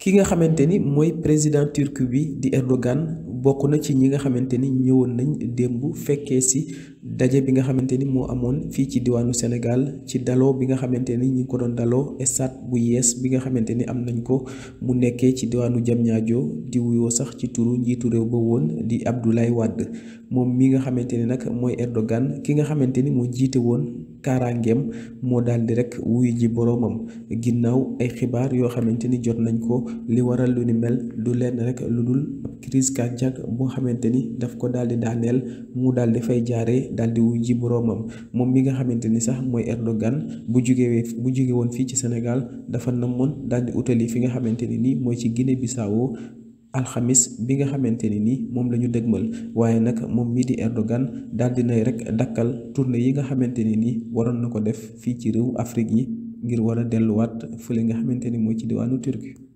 ki nga xamanteni moy président turc bi di Erdogan bokk na ci ñi nga xamante ni ñëwoon nañ démb fekkee si daje bi nga xamante ni moo amoon fii ci diwaanu Sénégal ci daloo bi nga xamante ni ñi ko doon daloo stade bu yees bi nga xamante ni am nañ ko mu nekkee ci diwaanu Diamniadio di yoo sax ci turu njiitu réew ba woon di Abdoulaye Wade moom mi nga xamante ni nag mooy Erdogan ki nga xamante ni moo jiite woon kaaraangeem moo daal di rek wuyu ji boroomam ginnaaw ay xibaar yoo xamante ni jot nañ ko li waral lu mel du lenn rek lu dul crise cardiaque boo xamante ni daf ko daal di daaneel mu daal di fay jaare daal di ji boroomam moom mi nga xamante ni sax mooy Erdogan bu jugee bu jóge woon fii ci Sénégal dafa namoon daal di utali fi nga xamante ni nii mooy ci Guinée Bissau alxamis bi nga xamante ni nii moom lañu ñu dëgmal waaye nag moom mii di Erdogan daal di nay rek dakkal tournée yi nga xamante ni nii waroon na ko def fii ci réew Afrique yi ngir war a delluwaat fële nga xamante ni mooy ci diwaanu Turquie